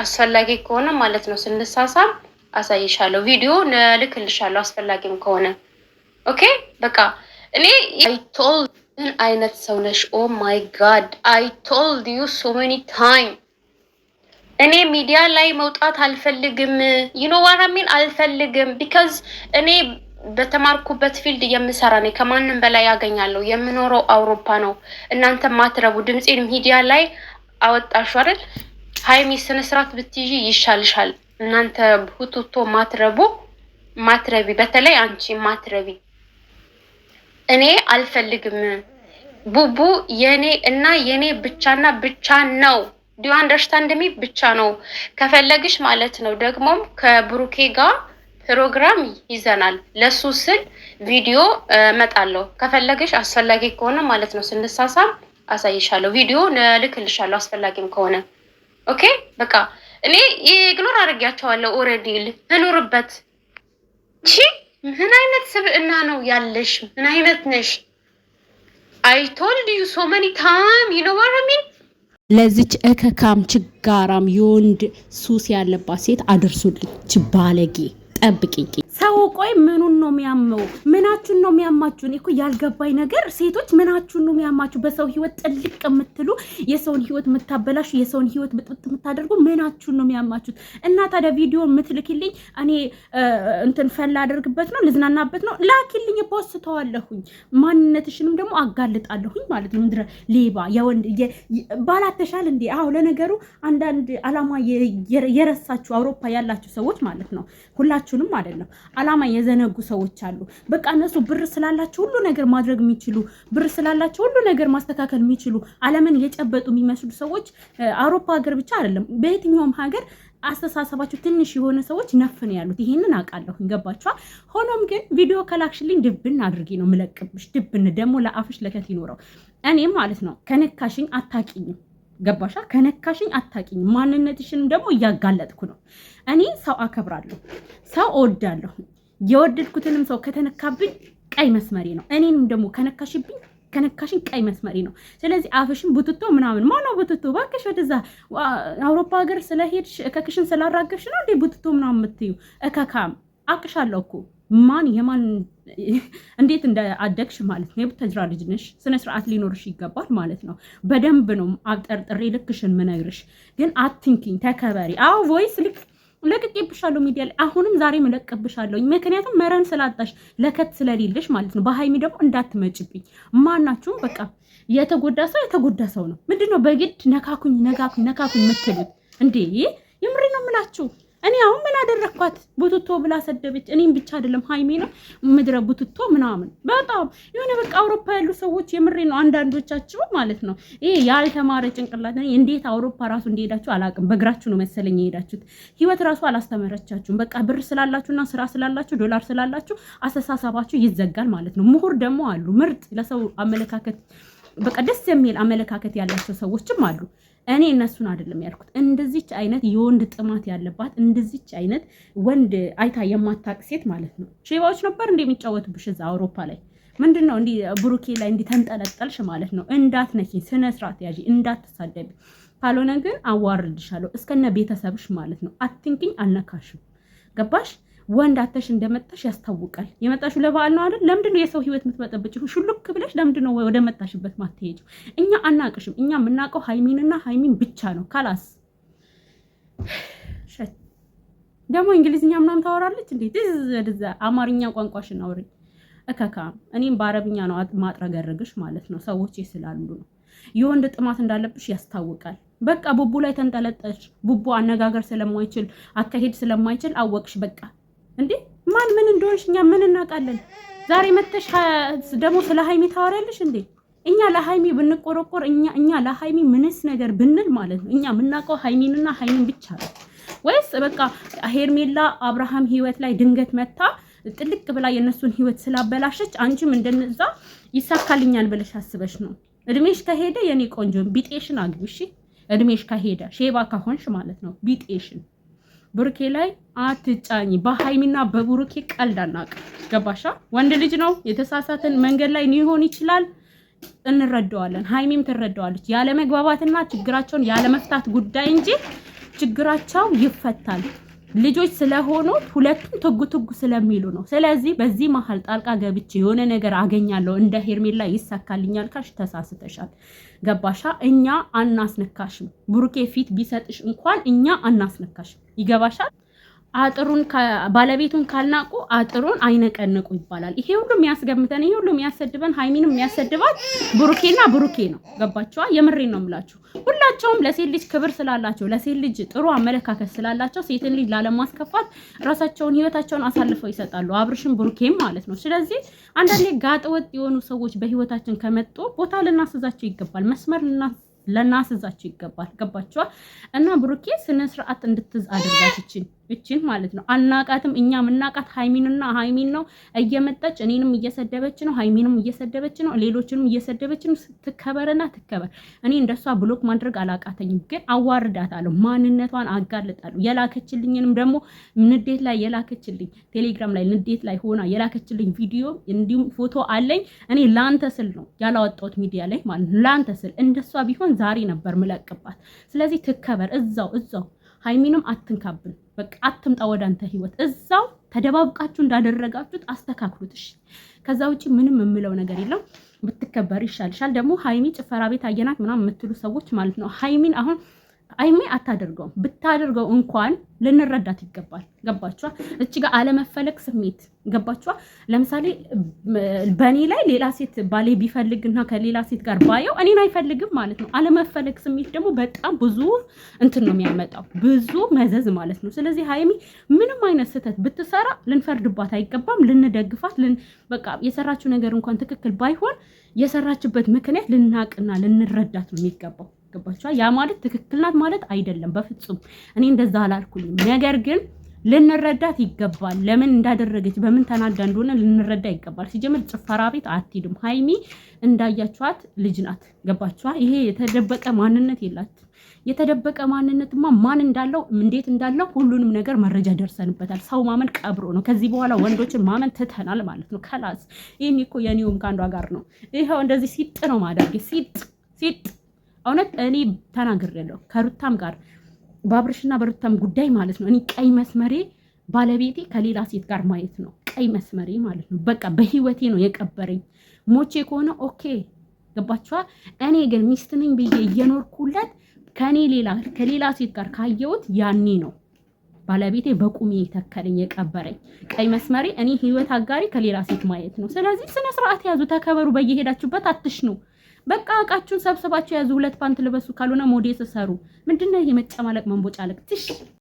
አሳይሽ አስፈላጊ ከሆነ ማለት ነው ስንሳሳም አሳይሻለሁ፣ ቪዲዮ እልክልሻለሁ አስፈላጊም ከሆነ ኦኬ። በቃ እኔ አይ ምን አይነት ሰው ነሽ? ኦ ማይ ጋድ አይቶልድ ዩ ሶ ሜኒ ታይም እኔ ሚዲያ ላይ መውጣት አልፈልግም። ዩኖ ዋራሚን አልፈልግም። ቢካዝ እኔ በተማርኩበት ፊልድ የምሰራ ነኝ። ከማንም በላይ ያገኛለሁ። የምኖረው አውሮፓ ነው። እናንተ ማትረቡ ድምፄን ሚዲያ ላይ አወጣሹ አይደል? ሀይሚ ስነ ስርዓት ብትይዢ ይሻልሻል። እናንተ ሁቱቶ ማትረቡ ማትረቢ፣ በተለይ አንቺ ማትረቢ። እኔ አልፈልግም ቡቡ የኔ እና የኔ ብቻና ብቻ ነው። ዲዩ አንደርስታንድ ሚ ብቻ ነው። ከፈለግሽ ማለት ነው። ደግሞም ከብሩኬ ጋር ፕሮግራም ይዘናል። ለሱ ስል ቪዲዮ እመጣለሁ። ከፈለግሽ አስፈላጊ ከሆነ ማለት ነው ስንሳሳም አሳይሻለሁ። ቪዲዮ እልክልሻለሁ አስፈላጊም ከሆነ ኦኬ በቃ እኔ ኢግኖር አድርጊያቸዋለሁ። ኦልሬዲ እኑርበት። እሺ ምን አይነት ስብዕና ነው ያለሽ? ምን አይነት ነሽ? አይ ቶልድ ዩ ሶ መኒ ታይም ለዚች እከካም ችጋራም የወንድ ሱስ ያለባት ሴት አድርሱልኝ፣ ባለጌ ጠብቂኝ። ሰው ቆይ ምኑን ነው የሚያመው? ምናችሁን ነው የሚያማችሁ? እኔ እኮ ያልገባኝ ነገር ሴቶች ምናችሁን ነው የሚያማችሁ? በሰው ህይወት ጥልቅ የምትሉ የሰውን ህይወት የምታበላሹ የሰውን ህይወት ብጥብጥ የምታደርጉ ምናችሁን ነው የሚያማችሁት? እና ታዲያ ቪዲዮ የምትልክልኝ እኔ እንትን ፈላ አደርግበት ነው ልዝናናበት ነው ላኪልኝ፣ ፖስተዋለሁኝ ማንነትሽንም ደግሞ አጋልጣለሁኝ ማለት ነው። ምድረ ሌባ የወንድ ባላተሻል እንዴ? አሁ ለነገሩ አንዳንድ አላማ የረሳችሁ አውሮፓ ያላችሁ ሰዎች ማለት ነው ሁላችሁ ሁላችሁንም አይደለም። አላማ የዘነጉ ሰዎች አሉ። በቃ እነሱ ብር ስላላቸው ሁሉ ነገር ማድረግ የሚችሉ ብር ስላላቸው ሁሉ ነገር ማስተካከል የሚችሉ ዓለምን የጨበጡ የሚመስሉ ሰዎች አውሮፓ ሀገር ብቻ አይደለም በየትኛውም ሀገር አስተሳሰባቸው ትንሽ የሆነ ሰዎች ነፍ ነው ያሉት። ይሄንን አውቃለሁ፣ ገባችኋል። ሆኖም ግን ቪዲዮ ከላክሽልኝ ድብን አድርጌ ነው ምለቅብሽ። ድብን ደግሞ ለአፍሽ ለከት ይኖረው እኔም ማለት ነው ከነካሽኝ አታቂኝም ገባሻ? ከነካሽኝ አታቂኝ። ማንነትሽንም ደግሞ እያጋለጥኩ ነው። እኔ ሰው አከብራለሁ፣ ሰው እወዳለሁ። የወደድኩትንም ሰው ከተነካብኝ ቀይ መስመሬ ነው። እኔንም ደግሞ ከነካሽብኝ ከነካሽን ቀይ መስመሪ ነው። ስለዚህ አፍሽን ቡትቶ ምናምን ማነው ብትቶ? ባክሽ፣ ወደዛ አውሮፓ ሀገር ስለሄድሽ እከክሽን ስላራገፍሽ ነው እንዴ ምናምን የምትዩ? እከካም አቅሻለሁ እኮ ማን የማን እንዴት እንደ አደግሽ ማለት ነው። የቡታጅራ ልጅ ነሽ፣ ስነ ስርዓት ሊኖርሽ ይገባል ማለት ነው። በደንብ ነው አብጠርጥሬ ልክሽን ምነግርሽ። ግን አትንኪኝ፣ ተከበሪ። አዎ ቮይስ ልክ ለቅቄብሻለሁ ሚዲያ ላይ አሁንም ዛሬም እለቅብሻለሁ። ምክንያቱም መረን ስላጣሽ ለከት ስለሌለሽ ማለት ነው። በሀይሚ ደግሞ እንዳትመጭብኝ። ማናችሁም በቃ የተጎዳ ሰው የተጎዳ ሰው ነው። ምንድን ነው በግድ ነካኩኝ ነካኩኝ ነካኩኝ የምትሉት እንዴ? የምሬ ነው የምላችሁ። እኔ አሁን ምን አደረግኳት? ቡትቶ ብላ ሰደበች። እኔም ብቻ አይደለም ሀይሜ ነው ምድረ ቡትቶ ምናምን በጣም የሆነ በቃ አውሮፓ ያሉ ሰዎች የምሬ ነው አንዳንዶቻችሁ ማለት ነው ይሄ ያልተማረ ጭንቅላት እንዴት አውሮፓ ራሱ እንደሄዳችሁ አላውቅም። በእግራችሁ ነው መሰለኝ የሄዳችሁት። ህይወት ራሱ አላስተመረቻችሁም። በቃ ብር ስላላችሁና ስራ ስላላችሁ ዶላር ስላላችሁ አስተሳሰባችሁ ይዘጋል ማለት ነው። ምሁር ደግሞ አሉ ምርጥ ለሰው አመለካከት በቃ ደስ የሚል አመለካከት ያላቸው ሰዎችም አሉ። እኔ እነሱን አይደለም ያልኩት። እንደዚች አይነት የወንድ ጥማት ያለባት እንደዚች አይነት ወንድ አይታ የማታቅ ሴት ማለት ነው። ሼባዎች ነበር እንደ የሚጫወቱብሽ እዛ አውሮፓ ላይ ምንድን ነው እንዲህ ብሩኬ ላይ እንዲህ ተንጠለጠልሽ ማለት ነው። እንዳትነኪ፣ ስነ ስርዓት ያዢ፣ እንዳትሳደቢ። ካልሆነ ግን አዋርድሻለሁ እስከነ ቤተሰብሽ ማለት ነው። አትንኪኝ፣ አልነካሽም። ገባሽ? ወንድ አተሽ እንደመጣሽ ያስታውቃል። የመጣሽው ለበዓል ነው አይደል? ለምንድን ነው የሰው ህይወት የምትመጠብጭው? ሹልክ ብለሽ ለምንድን ነው ወደ መጣሽበት እኛ አናቅሽም። እኛ የምናውቀው ሀይሚንና ሀይሚን ብቻ ነው። ካላስ ደግሞ እንግሊዝኛ ምናምን ታወራለች እንዴት? ወደዛ አማርኛ ቋንቋሽን አውሪ እከካ። እኔም በአረብኛ ነው ማጥረገርግሽ ማለት ነው። ሰዎች ስላሉ ነው። የወንድ ጥማት እንዳለብሽ ያስታውቃል። በቃ ቡቡ ላይ ተንጠለጠች። ቡቡ አነጋገር ስለማይችል አካሄድ ስለማይችል አወቅሽ በቃ እንዴ ማን ምን እንደሆንሽ እኛ ምን እናውቃለን? ዛሬ መተሽ ደግሞ ስለ ሀይሚ ታወሪያለሽ እንዴ? እኛ ለሀይሚ ብንቆረቆር እኛ እኛ ለሀይሚ ምንስ ነገር ብንል ማለት ነው እኛ የምናውቀው ሀይሚንና ሀይሚን ብቻ ነው ወይስ በቃ ሄርሜላ አብርሃም ህይወት ላይ ድንገት መታ ጥልቅ ብላ የእነሱን ህይወት ስላበላሸች አንቺም እንደነዛ ይሳካልኛል ብለሽ አስበሽ ነው? እድሜሽ ከሄደ የኔ ቆንጆን ቢጤሽን አግቢ እሺ። እድሜሽ ከሄደ ሼባ ከሆንሽ ማለት ነው ቢጤሽን ብሩኬ ላይ አትጫኝ። በሀይሚና በብሩኬ ቀልድ አናውቅ። ገባሻ? ወንድ ልጅ ነው። የተሳሳትን መንገድ ላይ ሊሆን ይችላል። እንረዳዋለን። ሀይሚም ትረዳዋለች። ያለመግባባትና ችግራቸውን ያለመፍታት ጉዳይ እንጂ ችግራቸው ይፈታል። ልጆች ስለሆኑት ሁለቱም ትጉ ትጉ ስለሚሉ ነው። ስለዚህ በዚህ መሀል ጣልቃ ገብቼ የሆነ ነገር አገኛለሁ እንደ ሄርሜላ ይሳካልኛል ካልሽ ተሳስተሻል። ገባሻ? እኛ አናስነካሽም። ብሩኬ ፊት ቢሰጥሽ እንኳን እኛ አናስነካሽም። ይገባሻል? አጥሩን ባለቤቱን ካልናቁ አጥሩን አይነቀንቁ ይባላል። ይሄ ሁሉ የሚያስገምተን ይሄ ሁሉ የሚያሰድበን ሀይሚንም የሚያሰድባት ብሩኬና ብሩኬ ነው። ገባችኋ? የምሬን ነው የምላችሁ። ሁላቸውም ለሴት ልጅ ክብር ስላላቸው፣ ለሴት ልጅ ጥሩ አመለካከት ስላላቸው ሴትን ልጅ ላለማስከፋት ራሳቸውን ህይወታቸውን አሳልፈው ይሰጣሉ። አብርሽም ብሩኬም ማለት ነው። ስለዚህ አንዳንዴ ጋጠወጥ የሆኑ ሰዎች በህይወታችን ከመጡ ቦታ ልናስዛቸው ይገባል። መስመር ልናስዛቸው ይገባል። ገባችኋ? እና ብሩኬ ስነስርዓት እንድትዝ አድርጋችችን እችን ማለት ነው አናቃትም። እኛ ምናቃት ሀይሚንና ሀይሚን ነው። እየመጣች እኔንም እየሰደበች ነው፣ ሀይሚንም እየሰደበች ነው፣ ሌሎችንም እየሰደበች ነው። ትከበርና ትከበር። እኔ እንደሷ ብሎክ ማድረግ አላቃተኝም፣ ግን አዋርዳታለሁ፣ ማንነቷን አጋልጣለሁ። የላከችልኝንም ደግሞ ንዴት ላይ የላከችልኝ ቴሌግራም ላይ ንዴት ላይ ሆና የላከችልኝ ቪዲዮ እንዲሁም ፎቶ አለኝ። እኔ ላንተ ስል ነው ያላወጣሁት ሚዲያ ላይ ማለት ነው። ላንተ ስል እንደሷ ቢሆን ዛሬ ነበር ምለቅባት። ስለዚህ ትከበር እዛው እዛው ሀይሚንም አትንካብን። በቃ አትምጣ ወደ አንተ ህይወት። እዛው ተደባብቃችሁ እንዳደረጋችሁት አስተካክሉት እሺ። ከዛ ውጪ ምንም የምለው ነገር የለው። ብትከበር ይሻልሻል። ደግሞ ሀይሚ ጭፈራ ቤት አየናት ምናምን የምትሉ ሰዎች ማለት ነው ሀይሚን አሁን ሀይሚ አታደርገውም። ብታደርገው እንኳን ልንረዳት ይገባል። ገባችኋ? እች ጋር አለመፈለግ ስሜት ገባችኋ? ለምሳሌ በእኔ ላይ ሌላ ሴት ባሌ ቢፈልግ እና ከሌላ ሴት ጋር ባየው እኔን አይፈልግም ማለት ነው። አለመፈለግ ስሜት ደግሞ በጣም ብዙ እንትን ነው የሚያመጣው፣ ብዙ መዘዝ ማለት ነው። ስለዚህ ሀይሚ ምንም አይነት ስህተት ብትሰራ ልንፈርድባት አይገባም። ልንደግፋት በቃ የሰራችው ነገር እንኳን ትክክል ባይሆን የሰራችበት ምክንያት ልናቅና ልንረዳት ነው የሚገባው። ገባችኋል? ያ ማለት ትክክል ናት ማለት አይደለም፣ በፍጹም እኔ እንደዛ አላልኩኝም። ነገር ግን ልንረዳት ይገባል። ለምን እንዳደረገች በምን ተናዳ እንደሆነ ልንረዳ ይገባል። ሲጀምር ጭፈራ ቤት አትሄድም። ሀይሚ እንዳያችኋት ልጅ ናት። ገባችኋ? ይሄ የተደበቀ ማንነት የላት። የተደበቀ ማንነትማ ማን እንዳለው እንዴት እንዳለው ሁሉንም ነገር መረጃ ደርሰንበታል። ሰው ማመን ቀብሮ ነው። ከዚህ በኋላ ወንዶችን ማመን ትተናል ማለት ነው። ከላስ ይህን እኮ የኒውም ከአንዷ ጋር ነው። ይኸው እንደዚህ ሲጥ ነው ማደርግ ሲጥ ሲጥ እውነት እኔ ተናግሬያለሁ። ከሩታም ጋር በአብርሽና በሩታም ጉዳይ ማለት ነው። እኔ ቀይ መስመሬ ባለቤቴ ከሌላ ሴት ጋር ማየት ነው። ቀይ መስመሬ ማለት ነው። በቃ በህይወቴ ነው የቀበረኝ። ሞቼ ከሆነ ኦኬ፣ ገባችኋል። እኔ ግን ሚስት ነኝ ብዬ እየኖርኩለት ከኔ ሌላ ከሌላ ሴት ጋር ካየሁት ያኔ ነው ባለቤቴ በቁሜ የተከለኝ የቀበረኝ። ቀይ መስመሬ እኔ ህይወት አጋሪ ከሌላ ሴት ማየት ነው። ስለዚህ ስነ ስርዓት ያዙ፣ ተከበሩ፣ በየሄዳችሁበት አትሽ ነው በቃ እቃችሁን ሰብስባችሁ የያዙ ሁለት ፓንት ልበሱ፣ ካልሆነ ሞዴስ ሰሩ። ምንድነው ይሄ መጨማለቅ መንቦጫለቅ ትሽ